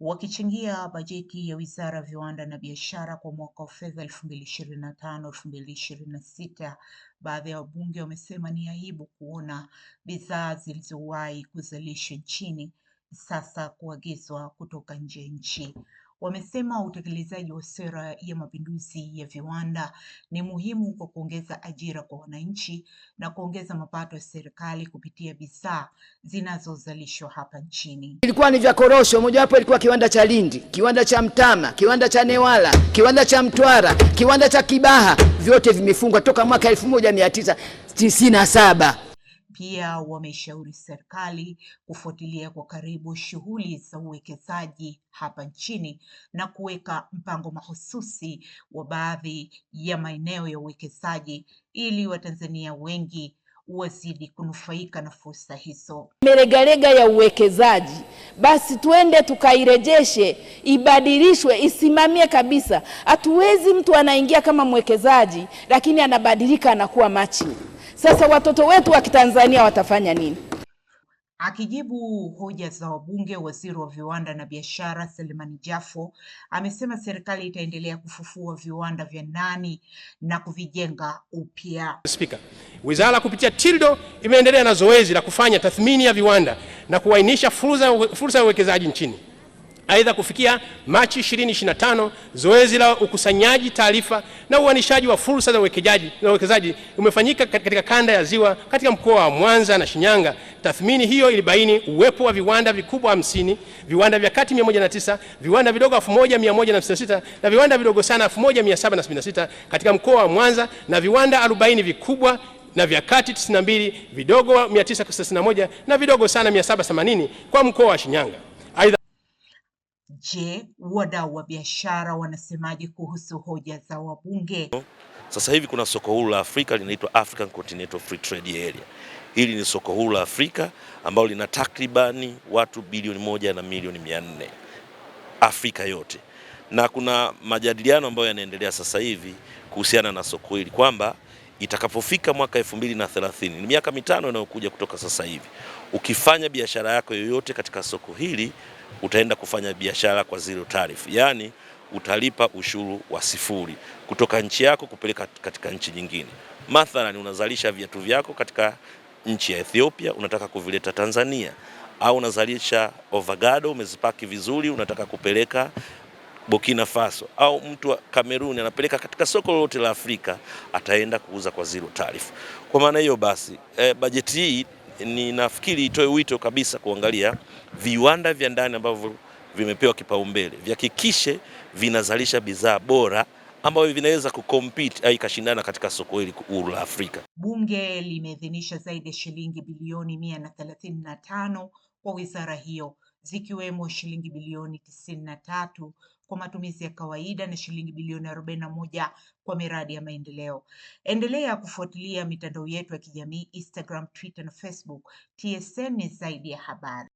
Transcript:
wakichangia bajeti ya Wizara ya Viwanda na Biashara kwa mwaka wa fedha elfu mbili ishirini elfu mbili ishirini na sita. Baadhi ya wabunge wamesema ni aibu kuona bidhaa zilizowahi kuzalishwa nchini sasa kuagizwa kutoka nje ya nchi wamesema utekelezaji wa sera ya mapinduzi ya viwanda ni muhimu kwa kuongeza ajira kwa wananchi na kuongeza mapato ya serikali kupitia bidhaa zinazozalishwa hapa nchini. Ilikuwa ni vya korosho, mojawapo ilikuwa kiwanda cha Lindi, kiwanda cha Mtama, kiwanda cha Newala, kiwanda cha Mtwara, kiwanda cha Kibaha, vyote vimefungwa toka mwaka 1997. Pia wameshauri serikali kufuatilia kwa karibu shughuli za uwekezaji hapa nchini na kuweka mpango mahususi wa baadhi ya maeneo ya uwekezaji ili Watanzania wengi wazidi kunufaika na fursa hizo. Meregarega ya uwekezaji, basi tuende tukairejeshe, ibadilishwe, isimamie kabisa. Hatuwezi mtu anaingia kama mwekezaji, lakini anabadilika anakuwa machinga. Sasa watoto wetu wa Kitanzania watafanya nini? Akijibu hoja za wabunge, waziri wa viwanda na biashara Selemani Jafo amesema serikali itaendelea kufufua viwanda vya ndani na kuvijenga upya. Spika, wizara kupitia TILDO imeendelea na zoezi la kufanya tathmini ya viwanda na kuainisha fursa ya uwekezaji nchini. Aidha, kufikia Machi 2025 zoezi la ukusanyaji taarifa na uanishaji wa fursa za uwekezaji na uwekezaji umefanyika katika kanda ya Ziwa katika mkoa wa Mwanza na Shinyanga. Tathmini hiyo ilibaini uwepo wa viwanda vikubwa 50, viwanda vya kati 109, viwanda vidogo 1166 na viwanda vidogo sana 1776 katika mkoa wa Mwanza na viwanda 40 vikubwa na vya kati 92, vidogo 961 na vidogo sana 780 kwa mkoa wa Shinyanga. Je, wadau wa biashara wanasemaje kuhusu hoja za wabunge? Sasa hivi kuna soko huru la Afrika linaitwa African Continental Free Trade Area. Hili ni soko huru la Afrika ambalo lina takribani watu bilioni moja na milioni mia nne Afrika yote, na kuna majadiliano ambayo yanaendelea sasa hivi kuhusiana na soko hili kwamba itakapofika mwaka 2030 ni miaka mitano inayokuja kutoka sasa hivi, ukifanya biashara yako yoyote katika soko hili utaenda kufanya biashara kwa zero tariff, yaani utalipa ushuru wa sifuri kutoka nchi yako kupeleka katika nchi nyingine. Mathalani, unazalisha viatu vyako katika nchi ya Ethiopia, unataka kuvileta Tanzania, au unazalisha ovagado umezipaki vizuri, unataka kupeleka Burkina Faso au mtu wa Kamerun anapeleka katika soko lolote la Afrika, ataenda kuuza kwa zero tariff. Kwa maana hiyo basi, e, bajeti hii ninafikiri itoe wito kabisa kuangalia viwanda vya ndani ambavyo vimepewa kipaumbele vihakikishe vinazalisha bidhaa bora ambavyo vinaweza kukompiti au ikashindana katika soko hili huru la Afrika. Bunge limeidhinisha zaidi ya shilingi bilioni mia na thelathini na tano kwa wizara hiyo zikiwemo shilingi bilioni tisini na tatu kwa matumizi ya kawaida na shilingi bilioni arobaini na moja kwa miradi ya maendeleo. Endelea kufuatilia mitandao yetu ya kijamii Instagram, Twitter na Facebook. TSN ni zaidi ya habari.